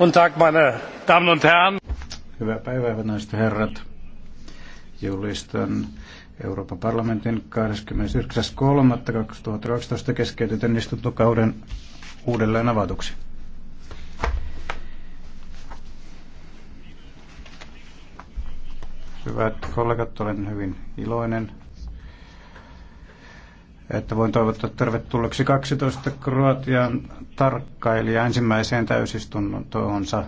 Guten Tag, meine Damen und Herren. Hyvää päivää, hyvät naiset ja herrat. Julistan Euroopan parlamentin 29.3.2012 keskeytetyn istuntokauden uudelleen avatuksi. Hyvät kollegat, olen hyvin iloinen että voin toivottaa tervetulleeksi 12 Kroatian tarkkailijaa ensimmäiseen täysistuntoonsa